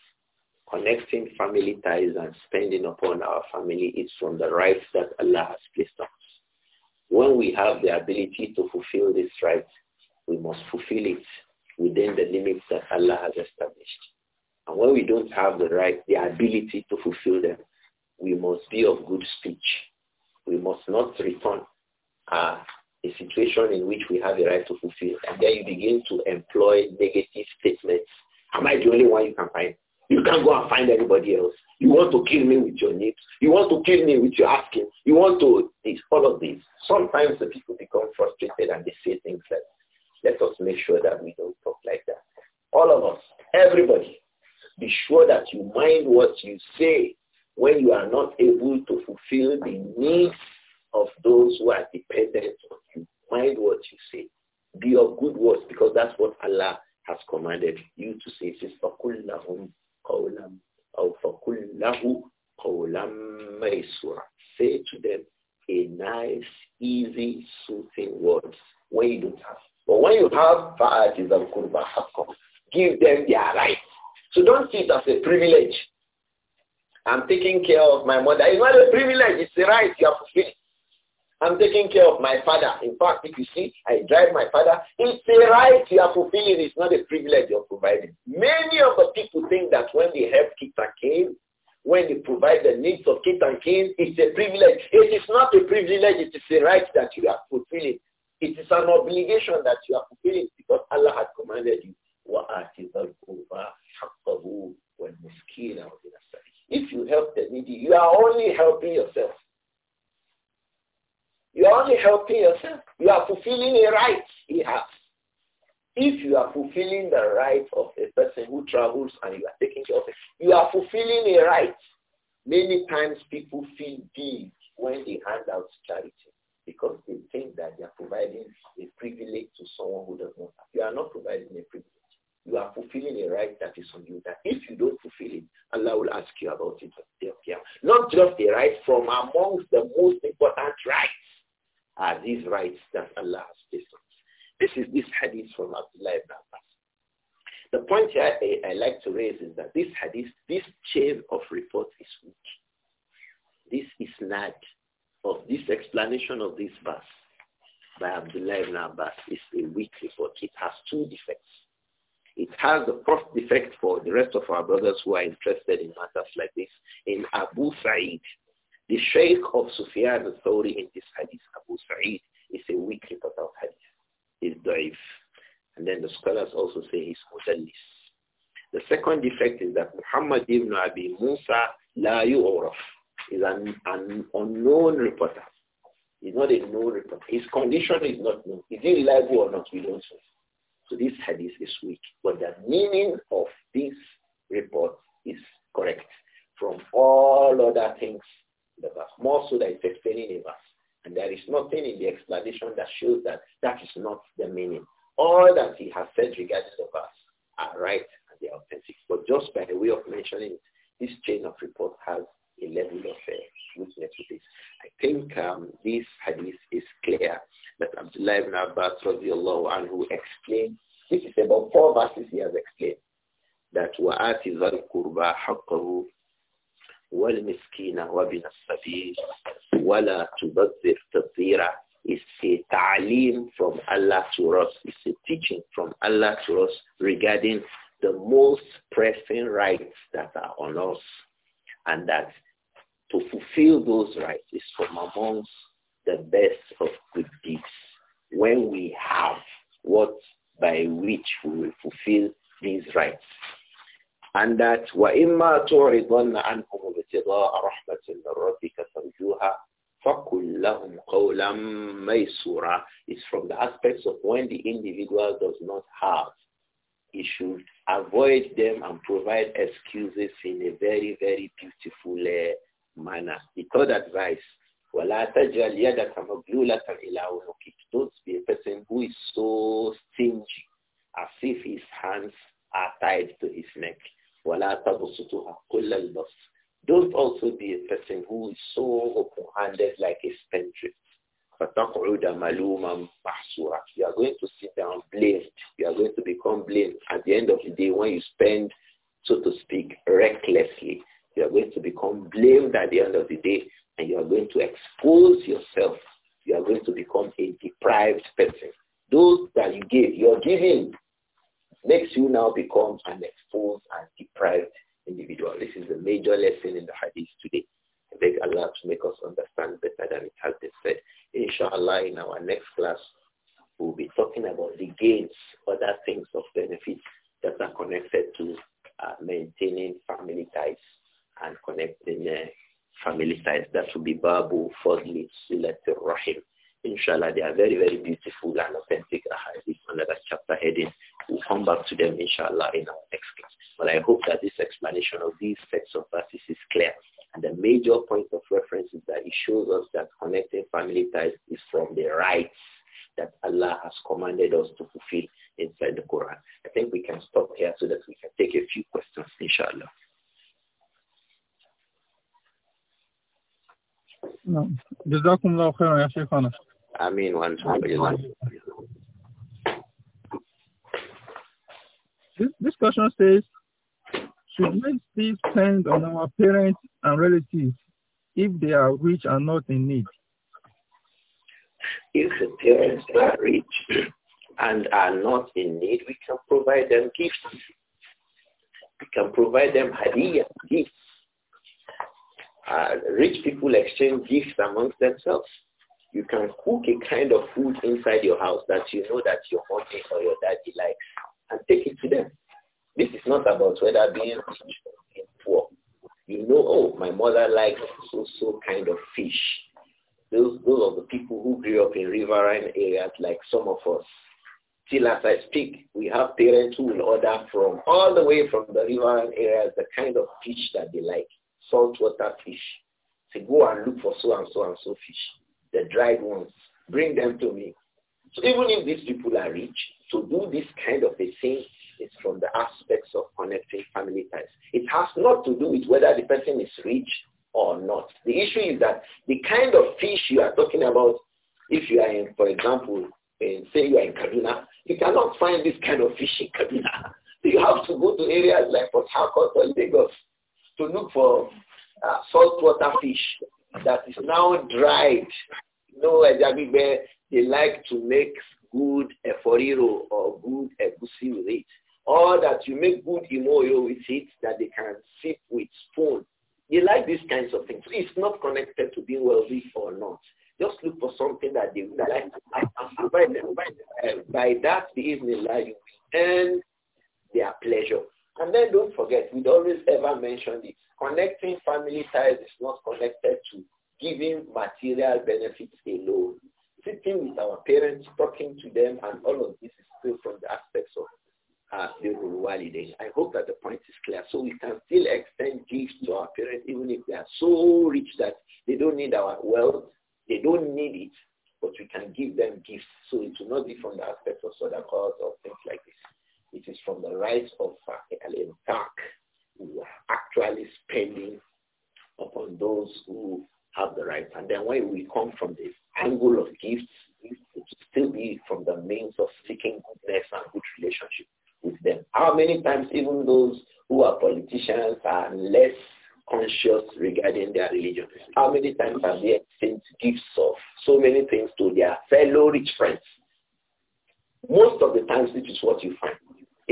connecting family ties and spending upon our family is from the rights that Allah has placed on us. When we have the ability to fulfill this right, we must fulfill it within the limits that Allah has established. And when we don't have the right, the ability to fulfill them, we must be of good speech. We must not return uh, a situation in which we have the right to fulfill. And then you begin to employ negative able to fulfill the needs of those who are dependent on you. Mind what you say. Be of good words because that's what Allah has commanded you to say. It says, Say to them a nice, easy, soothing words when you don't have. But when you have, فَآتِ ذَا الْقُرْبَ Give them their rights. So don't see it as a privilege. I'm taking care of my mother. It's not a privilege. It's a right you are fulfilling. I'm taking care of my father. In fact, if you see, I drive my father. It's a right you are fulfilling. It's not a privilege you're providing. Many of the people think that when they help kids and kids, when they provide the needs of kids and kids, it's a privilege. It is not a privilege. It is a right that you are fulfilling. It is an obligation that you are fulfilling because Allah has You are only helping yourself. You are only helping yourself. You are fulfilling a right he has. If you are fulfilling the right of a person who travels and you are taking care of it, you are fulfilling a right. Many times people just a right from amongst the most important rights are these rights that Allah has placed This is this hadith from Abdullah ibn Abbas. The point here I, I, like to raise is that this hadith, this chain of reports is weak. This is not of this explanation of this verse by Abdullah ibn Abbas has the first effect for the rest of our brothers who are interested in matters like this. In Abu Sa'id, the Sheikh of Sufyan authority in this hadith, Abu Sa'id, is a weak reporter of hadith. He's daif. And then the scholars also say he's mudallis. The second effect is that Muhammad ibn Abi Musa la yu'raf is an, an unknown reporter. He's not a known reporter. His condition is not known. Is he reliable or not? We don't know. So this hadith is weak. But the meaning of this report is correct from all other things the verse. More so that it's explaining the verse. And there is nothing in the explanation that shows that that is not the meaning. All that he has said regarding the verse are right and they are authentic. But just by the way of mentioning it, this chain of report has a level of uh, weakness with it. I think um, this hadith is clear that Abdullah ibn Abbas radiallahu anhu explained. This is about four verses he has explained. That وَآتِ ذَا الْقُرْبَى حَقَّهُ وَالْمِسْكِينَ وَبِنَ السَّبِيلِ وَلَا تُبَذِّرْ تَبْذِيرًا is a ta'aleem from Allah to us. It's a teaching from Allah to us regarding the most pressing rights that are on us and that to fulfill those rights is from amongst the best of good deeds when we have what by which we will fulfill these rights. And that وَإِمَّا تُعْرِضَنَّ عَنْهُمُ ابْتِغَاءَ رَحْمَةٍ مِنْ رَبِّكَ تَرْجُوهَا فَقُلْ لَهُمْ قَوْلًا مَيْسُورًا is from the aspects of when the individual does not have. He should avoid them and provide excuses in a very, very beautiful uh, manner. The third advice وَلَا تَجْعَلْ يَدَكَ مَغْلُولَةً إِلَىٰ عُنُقِكَ Don't be a person who is so stingy as if his hands are tied to his neck. وَلَا تَبُسُطُهَا كُلَّ الْبَسْطِ Don't also be a person who is so open-handed like a spendthrift. فَتَقْعُدَ مَلُومًا مَحْسُورًا You are going to sit down blamed. You are going to become blamed at the end of the day when you spend, so to speak, recklessly. You are going to become blamed at the end of the day and you are going to expose yourself. You are going to become a deprived person. Those that you you your giving makes you now become an exposed and deprived individual. This is a major lesson in the hadith today. I beg Allah to make us understand better than it has been said. Inshallah, in our next class, we'll be talking about the gains, other things of benefit that are connected to uh, maintaining family ties and connecting uh, family ties. That will be Babu Fadli Silatul Rahim. Inshallah, they are very, very beautiful and authentic ahadith under that chapter heading. We'll come back to them, inshallah, in our next class. But I hope that this explanation of these sets of verses is clear. And the major point of reference is that it shows us that connecting family ties is from the rights that Allah has commanded us to fulfill inside the Quran. I think we can stop here so that we can take a few questions, inshallah. I جزاكم الله خيرا يا شيخنا امين وانتم This, question says, should we still spend on our parents and relatives if they are rich and not in need? If the parents are rich and are not in need, we can provide them gifts. We can provide them hadiyah, gifts uh, rich people exchange gifts amongst themselves. You can cook a kind of food inside your house that you know that your mommy or your daddy likes and take it to them. This is not about whether being rich or being poor. You know, oh, my mother likes so-so kind of fish. Those, those are the people who grew up in riverine areas like some of us. Still, as I speak, we have parents who will order from all the way from the riverine areas the kind of fish that they like saltwater fish. Say, go and look for so and so and so fish, the dried ones. Bring them to me. So even if these people are rich, to do this kind of a thing is from the aspects of connecting family ties. It has not to do with whether the person is rich or not. The issue is that the kind of fish you are talking about, if you are in, for example, in, say you are in Kaduna, you cannot find this kind of fish in Kaduna. You have to go to areas like Port Harcourt or Lagos to look for uh, saltwater fish that is now dried. You know, Ejabigbe, they like to make good eforiro or good egusi with it. Or that you make good imoyo with it that they can sip with spoon. They like these kinds of things. It's not connected to being wealthy or not. Just look for something that they would like. to buy by, by that, the evening like you earn their pleasure. And then don't forget, we'd always ever mention it. Connecting family ties is not connected to giving material benefits alone. Sitting with our parents, talking to them, and all of this is still from the aspects of uh, I hope that the point is clear. So we can still extend gifts to our parents, even if they are so rich that they don't need our wealth, they don't need it, but we can give them gifts. So it will not be from the aspects of sadaqahs or things like this. It is from the rights of uh, al-infaq. We are actually spending upon those who have the rights. And then when we come from the angle of gifts, it will still be from the means of seeking goodness and good relationship with them. How many times even those who are politicians are less conscious regarding their religion? How many times have they sent gifts of so many things to their fellow rich friends? Most of the times this is what you find.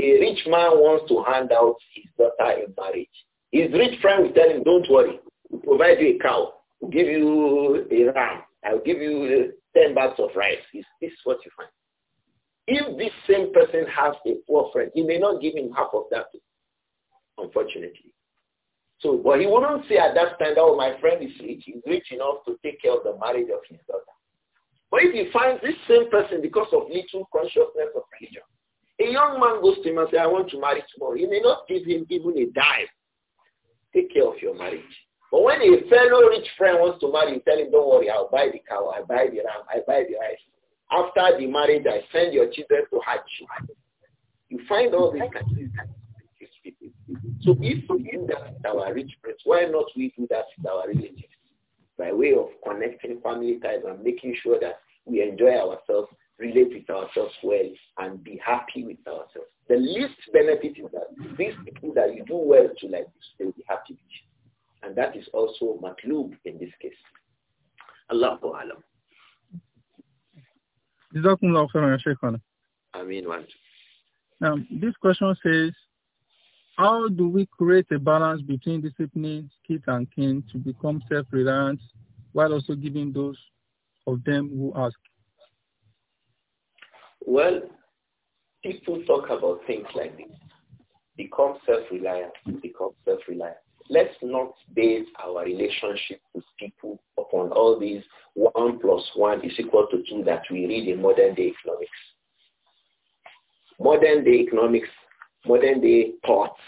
A rich man wants to hand out his daughter in marriage. His rich friend will tell him, don't worry, we'll provide you a cow, we'll give you a ram, I'll give you 10 bags of rice. Is this what you find? If this same person has a poor friend, he may not give him half of that, unfortunately. So, but he wouldn't say at that time, oh, my friend is rich. He's rich enough to take care of the marriage of his daughter. But if he finds this same person because of little consciousness of religion, a young man goes to him and says, I want to marry tomorrow. You may not give him even a dime. Take care of your marriage. But when a fellow rich friend wants to marry, you tell him, don't worry, I'll buy the cow, I'll buy the ram, I'll buy the rice. After the marriage, I send your children to Hajj. You find all these kinds So if we do that with our rich friends, why not we do that with our relatives? By way of connecting family ties and making sure that we enjoy ourselves relate with ourselves well and be happy with ourselves. The least benefit is that these people that you do well to like they will be happy with you. And that is also matlub in this case. Allahu alam. Jazakumullah Now, this question says, how do we create a balance between disciplining kids and kin to become self-reliant while also giving those of them who ask? Well, people talk about things like this. Become self-reliant. Become self-reliant. Let's not base our relationship with people upon all these one plus one is equal to two that we read in modern day economics. Modern day economics, modern day thoughts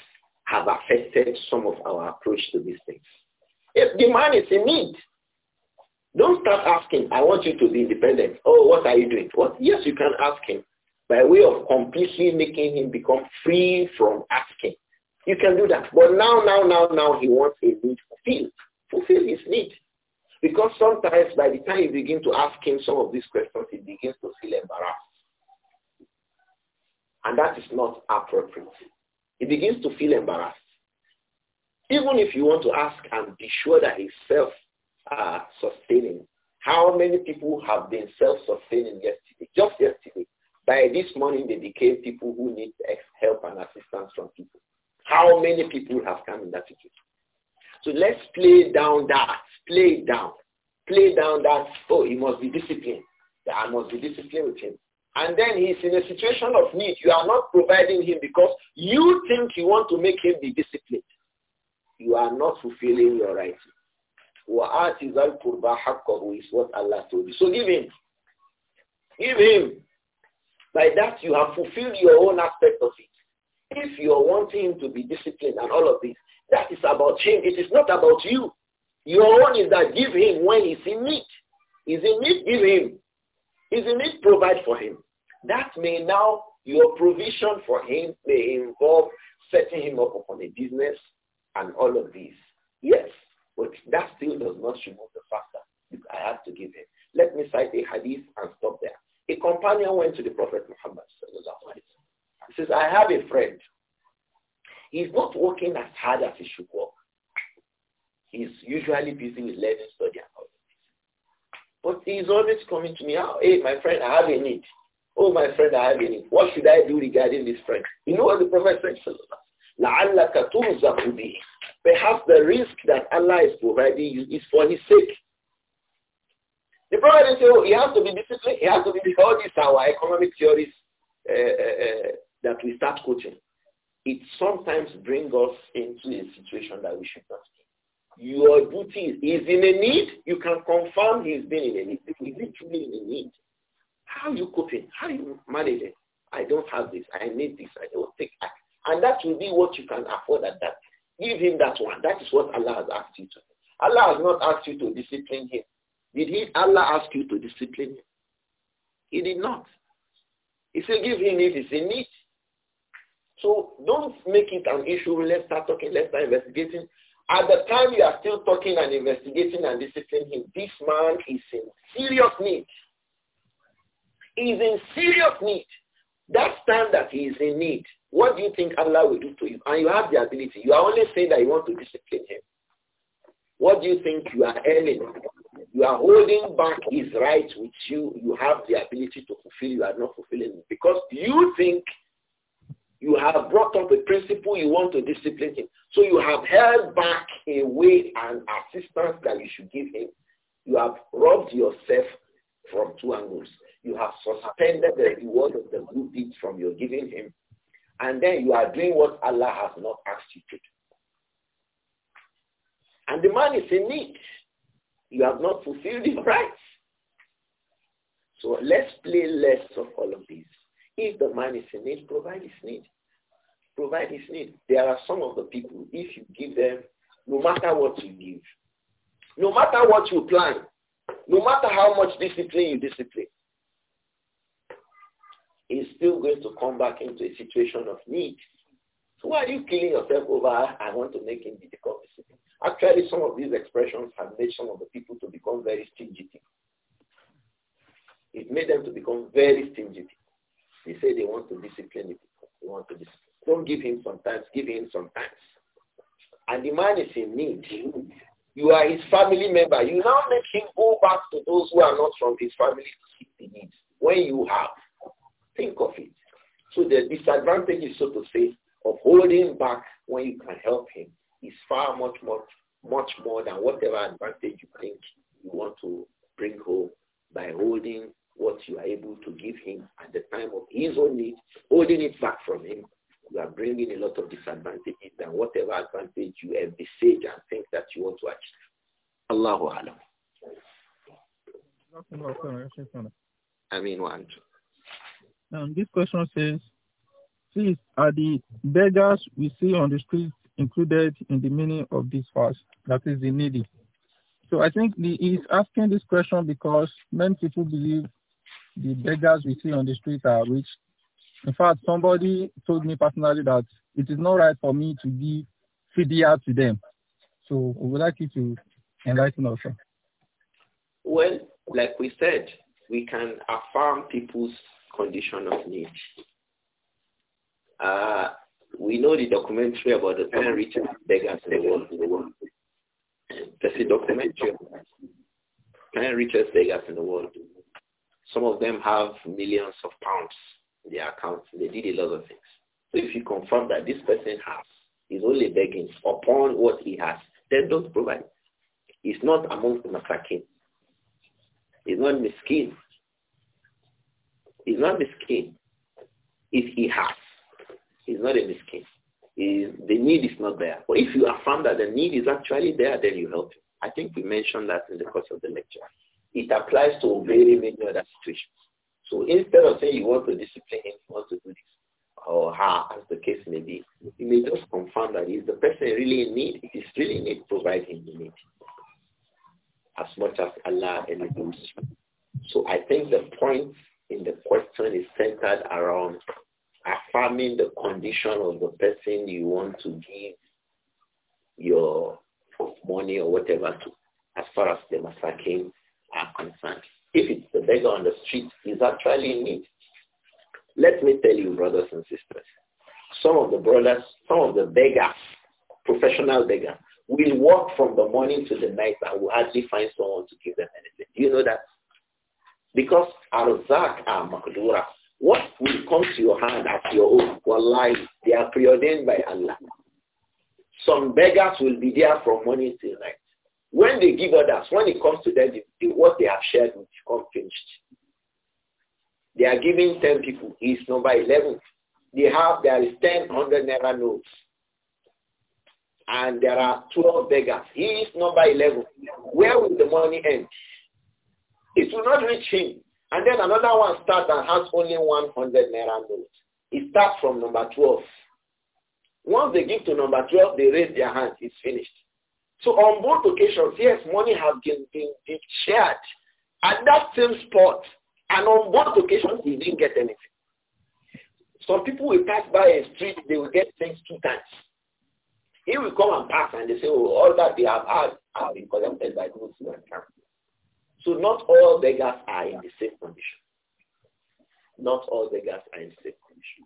have affected some of our approach to these things. If the is in need, don't start asking, I want you to be independent. Oh, what are you doing? What? Yes, you can ask him by way of completely making him become free from asking. You can do that. But now, now, now, now he wants a need fulfilled. Fulfill his need. Because sometimes by the time you begin to ask him some of these questions, he begins to feel embarrassed. And that is not appropriate. He begins to feel embarrassed. Even if you want to ask and be sure that he's self sustaining. How many people have been self-sustaining yesterday, just yesterday? By this morning, they became people who need help and assistance from people. How many people have come in that situation? So let's play down that. Play down. Play down that. Oh, he must be disciplined. I must be disciplined with him. And then he's in a situation of need. You are not providing him because you think you want to make him be disciplined. You are not fulfilling your rights. وَآتِ ذَا الْقُرْبَى is what Allah told you. So give him. Give him. By that you have fulfilled your own aspect of it. If you are wanting him to be disciplined and all of this, that is about him. It is not about you. Your own is that give him when he's in need. Is in need, give him. Is in need, provide for him. That may now, your provision for him may involve setting him up upon a business and all of these. Yes, but that still does not remove the fact that I have to give him. Let me cite a hadith and stop there. A companion went to the Prophet Muhammad. He says, I have a friend. He's not working as hard as he should work. He's usually busy with learning, study, and all But he's always coming to me, ah, hey, my friend, I have a need. Oh, my friend, I have a need. What should I do regarding this friend? You know what the Prophet said? Perhaps the risk that Allah is providing you is for his sake. The problem is, oh, he has to be disciplined. He has to be all these our economic theories uh, uh, uh, that we start coaching, It sometimes brings us into a situation that we should not be. Your duty is in a need. You can confirm he's been in a need. Is he truly in a need? How are you coping? How are you it? I don't have this. I need this. I don't take. and that will be what you can afford at that time. Give him that one. That is what Allah has asked you to. Allah has not asked you to discipline him. Did he, Allah ask you to discipline him? He did not. He said, give him if he's in need. So don't make it an issue. Let's start talking. Let's start investigating. At the time you are still talking and investigating and disciplining him, this man is in serious need. He's in serious need. That time that he is in need, what do you think Allah will do to you? And you have the ability. You are only saying that you want to discipline him. What do you think you are earning? You are holding back his rights with you. You have the ability to fulfill. You are not fulfilling it. Because you think you have brought up a principle you want to discipline him. So you have held back a way and assistance that you should give him. You have robbed yourself from two angles. You have suspended the reward of the good deeds from your giving him and then you are doing what Allah has not asked you to do. And the man is in need. You have not fulfilled his rights. So let's play less of all of these. If the man is in need, provide his need. Provide his need. There are some of the people, if you give them, no matter what you give, no matter what you plan, no matter how much discipline you discipline, is still going to come back into a situation of need. So why are you killing yourself over, I want to make him difficult. Actually, some of these expressions have made some of the people to become very stingy It made them to become very stingy They say they want to discipline the people. They want to discipline. Don't give him sometimes, give him sometimes. And the man is in need. You are his family member. You now make him go back to those who are not from his family to seek the needs when you have Think of it. So the is so to say, of holding back when you can help him is far much, much, much more than whatever advantage you think you want to bring home by holding what you are able to give him at the time of his own need, holding it back from him. You are bringing a lot of disadvantages than whatever advantage you envisage and think that you want to achieve. Allahu Alam. I mean, one. Um, this question says, please, are the beggars we see on the street included in the meaning of this verse, that is the needy? So I think he is asking this question because many people believe the beggars we see on the street are rich. In fact, somebody told me personally that it is not right for me to give fidya to them. So we would like you to enlighten us. Well, like we said, we can affirm people's condition of need. Uh, we know the documentary about the ten richest beggars in the world. In the a documentary. Ten richest beggars in the world. Some of them have millions of pounds in their accounts. They did a lot of things. So if you confirm that this person has, is only begging upon what he has, then don't provide. It's not amongst the masakin. It's not miskin. He's not miskin. If he has, he's not a miskin. the need is not there. But if you affirm that the need is actually there, then you help. I think we mentioned that in the course of the lecture. It applies to very many other situations. So instead of saying you want to discipline him, you want to do this or her, as the case may be, you may just confirm that is the person really in need? If he's really in need, provide him the need as much as Allah enables you. So I think the point in the question is centered around affirming the condition of the person you want to give your money or whatever to, as far as the massacring are concerned. If it's the beggar on the street, he's actually in need. Let me tell you, brothers and sisters, some of the brothers, some of the beggars, professional beggars, will work from the morning to the night and will hardly find someone to give them anything. Do you know that? Because arzak and makdura. What will come to your hand at your own, life? they are preordained by Allah. Some beggars will be there from morning till night. When they give others, when it comes to them, what they have shared will become finished. They are giving 10 people. He is number 11. They have, there is 10 hundred naira notes. And there are 12 beggars. He is number 11. Where will the money end? It will not reach him. And then another one starts and has only 100 naira note. It starts from number 12. Once they give to number 12, they raise their hands. It's finished. So on both occasions, yes, money has been, been, been shared at that same spot. And on both occasions, he didn't get anything. Some people will pass by a street, they will get things two times. He will come and pass and they say, oh, all that they have had have been collected by those who are so not all beggars are in the same condition. Not all beggars are in the same condition.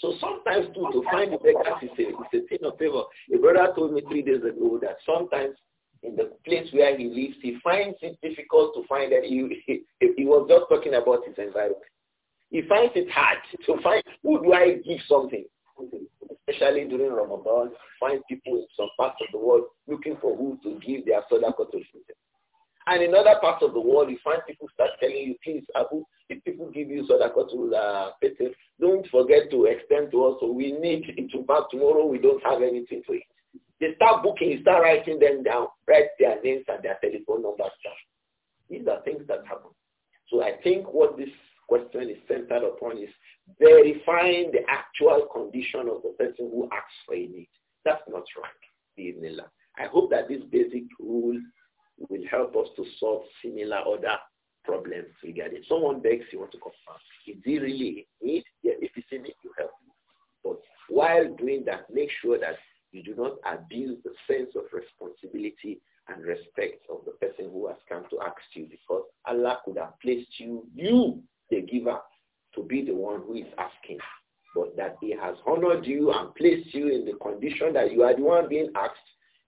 So sometimes too, to find the beggars is a, is a thing of favor. A brother told me three days ago that sometimes in the place where he lives, he finds it difficult to find that he, he, he was just talking about his environment. He finds it hard to find who do I give something, especially during Ramadan, find people in some parts of the world looking for who to give their solar to. And in other parts of the world, you find people start telling you, please, Abu, if people give you sadaqatul uh, fitr, don't forget to extend to us. So we need it to back tomorrow. We don't have anything to eat. They start booking, start writing them down, write their names and their telephone numbers down. These are things that happen. So I think what this question is centered upon is verifying the actual condition of the person who asks for a need. That's not right. I hope that this basic rule will help us to solve similar other problems regarding. Someone begs, you want to come back. Is he really in need? Yeah, if he's in need, you help him. But while doing that, make sure that you do not abuse the sense of responsibility and respect of the person who has come to ask you because Allah could have placed you, you, the giver, to be the one who is asking. But that he has honored you and placed you in the condition that you are the one being asked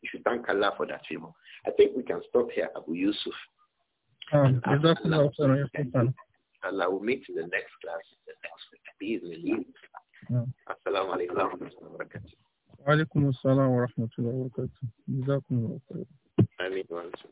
you should thank Allah for that favor. I think we can stop here, Abu Yusuf. Um, Allah, Allah, um, Allah, will meet in the next class, the next week. Yeah. Assalamu alaikum wa barakatuh.